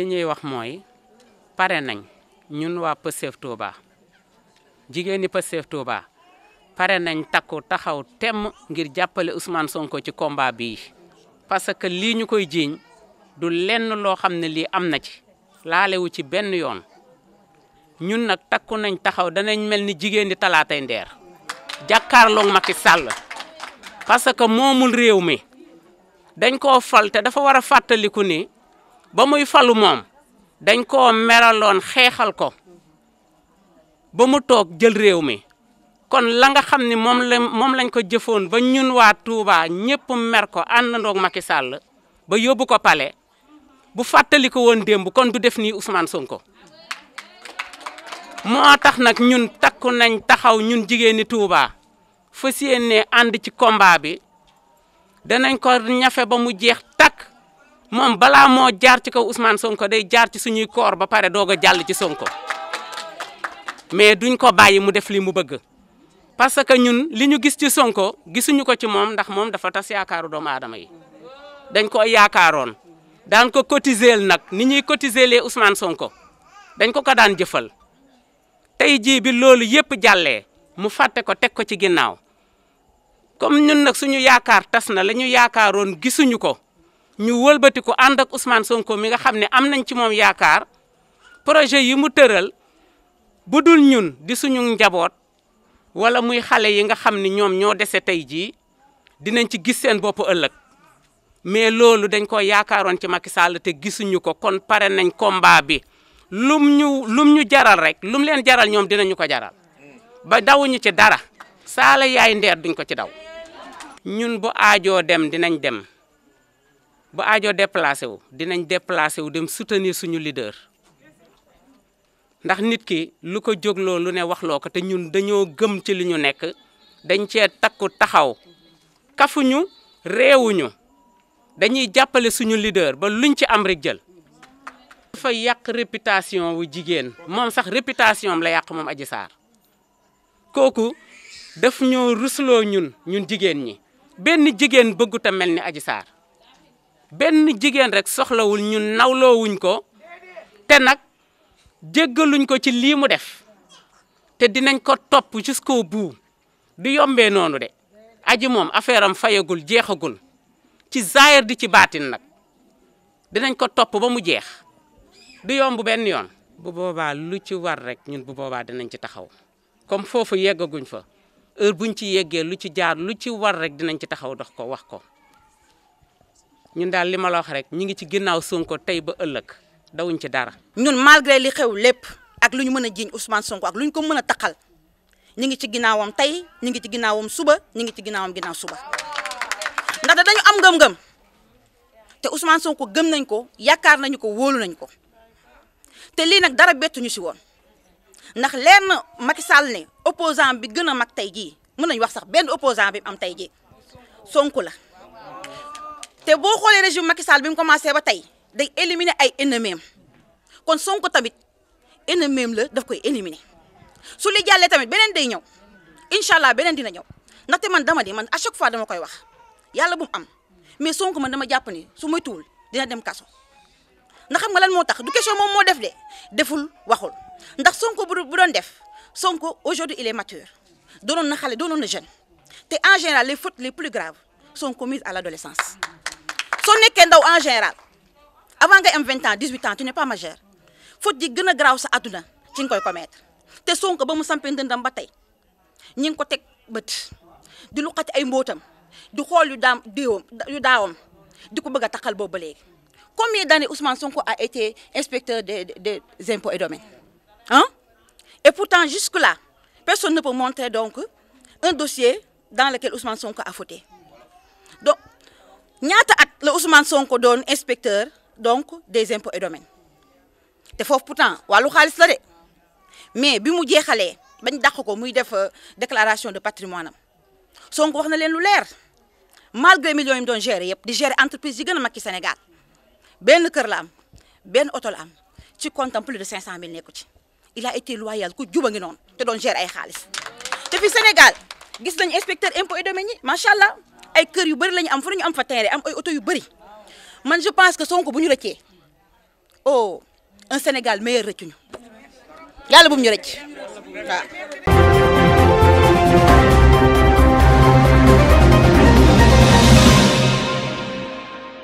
li ñuy wax mooy pare nañ ñun waa Pastef Touba jigéeni Pastef Touba pare nañ takku taxaw temm ngir jàppale Ousmane Sonko ci kombaa bii parce que lii ñu koy jiiñ du lenn loo xam ne lii am na ci laalewu ci benn yoon ñun nag takku nañ taxaw danañ mel ni jigéen di talaatay ndeer jàkkaarloog Macky Sall parce que moomul réew mi dañ koo fal te dafa war a fàttaliku ni ba muy falu moom dañ koo meraloon xeexal ko ba mu toog jël réew mi kon la nga xam ni moom moom lañ ko jëfoon ba ñun waa Touba ñëpp mer ko àndandoog Macky Sall ba yóbbu ko pale bu fàttali ko woon démb kon du def nii Ousmane Sonko moo tax nag ñun takku nañ taxaw ñun jigéen ñi Touba fas yéene ànd ci combat bi danañ ko ñafe ba mu jeex. moom balaa moo jaar ci ko usmaan Sonko day jaar ci suñuy koor ba pare doog a jàll ci Sonko mais duñ ko bàyyi mu def li mu bëgg parce que ñun li ñu gis ci Sonko gisuñu ko ci moom ndax moom dafa tas yaakaaru doomu aadama yi dañ ko yaakaaroon daan ko cotiseel nag ni ñuy cotiselee Ousmane Sonko dañ ko ko daan jëfal tey jii bi loolu yëpp jàllee mu fàtte ko teg ko ci ginnaaw comme ñun nag suñu yaakaar tas na la ñu yaakaaroon gisuñu ko. ñu wëlbati ko ànd ak Ousmane Sonko mi nga xam ne am nañ ci moom yaakaar projet yi mu tëral bu dul ñun di suñu njaboot wala muy xale yi nga xam ni ñoom ñoo dese tey jii dinañ ci gis seen bopp ëllëg mais loolu dañ ko yaakaaroon ci Macky Sall te gisuñu ko kon pare nañ combat bi lum ñu lum ñu jaral rek lum leen jaral ñoom dinañu ko jaral ba dawuñu ci dara saala yaay ndeer duñ ko ci daw ñun bu aajoo dem dinañ dem ba aajoo déplacé wu dinañ déplacé wu dem soutenir suñu leader ndax nit ki lu ko jógloo lu ne loo ko te ñun dañoo gëm ci li ñu nekk dañ cee takku taxaw kafuñu réewuñu dañuy jàppale suñu leader ba luñ ci am rek jël. dafa yàq réputation wu jigéen moom sax réputation la yàq moom Adji Sarr kooku daf ñoo rusloo ñun ñun jigéen ñi benn jigéen bëggut a mel ni Adji Sarr benn jigéen rek soxlawul ñu nawloowuñ ko te nag jéggaluñ ko ci lii mu def te dinañ ko topp jusqu'au bout du yombee noonu de aji moom affaire am fayagul jeexagul ci zaahir di ci baatin nag dinañ ko topp ba mu jeex du yomb benn yoon bu boobaa lu ci war rek ñun bu boobaa dinañ ci taxaw comme foofu yeggaguñ fa heure buñ ci yeggee lu ci jaar lu ci war rek dinañ ci taxaw dox ko wax ko ñun daal li ma la wax rek ñu ngi ci ginnaaw Sonko tey ba ëllëg dawuñ ci dara. ñun malgré li xew lépp ak lu ñu mën a jiiñ Ousmane Sonko ak lu ñu ko mën a taqal ñu ngi ci ginnaawam tey ñu ngi ci ginnaawam suba ñu ngi ci ginnaawam ginnaaw suba ndax dañu am ngëm-ngëm te Ousmane Sonko gëm nañ ko yaakaar nañ ko wóolu nañ ko te lii nag dara bettuñu si woon ndax leer na Macky Sall ne opposant bi gën a mag tey jii mën nañu wax sax benn opposant bi am tey ji Sonko la. te boo xoolee régime Macky Sall bi mu commencé ba tey day éliminer ay ennemis kon Sonko tamit ennemi la daf koy éliminer su li jàllee tamit beneen day ñëw incha allah beneen dina ñëw ndaxte man dama di man a chaque fois dama koy wax yàlla bu mu am mais Sonko man dama jàpp ni su may tuul dina dem kaso ndax xam nga lan moo tax du question moom moo def de deful waxul ndax Sonko bu doon def Sonko aujourd'hui il est mature na xale doonoon na jeune te en général les fautes les plus graves sont commises à l'adolescence soo nekkee ndaw en général avant ngay am 20 ans 18 ans tu n'es pas majeur faute yi gën a garaaw sa àdduna ci nga koy commettre te Sonko ba mu sampee ndëndam ba tey ñi ngi ko teg bët di lu xati ay mbootam di xool yu daam déewam yu daawam di ko bëgg a boobu ba léegi combien d'années Ousmane Sonko a été inspecteur des des impôts et domaines ah et pourtant jusque là personne ne peut montrer donc un dossier dans lequel Ousmane Sonko a fauté ñaata at la Ousmane Sonko doon inspecteur donc des impôts et domaines te foofu pourtant wàllu xaalis la de mais bi mu jeexalee bañ dàq ko muy def euh, déclaration de patrimoine am Sonko wax na leen lu leer malgré millions yi mu doon gérer yëpp di gere entreprise yi gën a mag ci Sénégal benn kër la am benn oto la am ci compte am cent de 500000 ko ci il a été loyal ku juba ngi noonu te doon gérer ay xaalis te fi Sénégal gis nañ inspecteur impôts et domaines yi macha allah. ay kër yu bëri la ñu am fu ñu am fa terrain am ay oto yu bëri man je pense que Sonko bu ñu rëccee oh un Sénégal meilleur rëccuñu yàlla bu mu ñu rëcc waaw.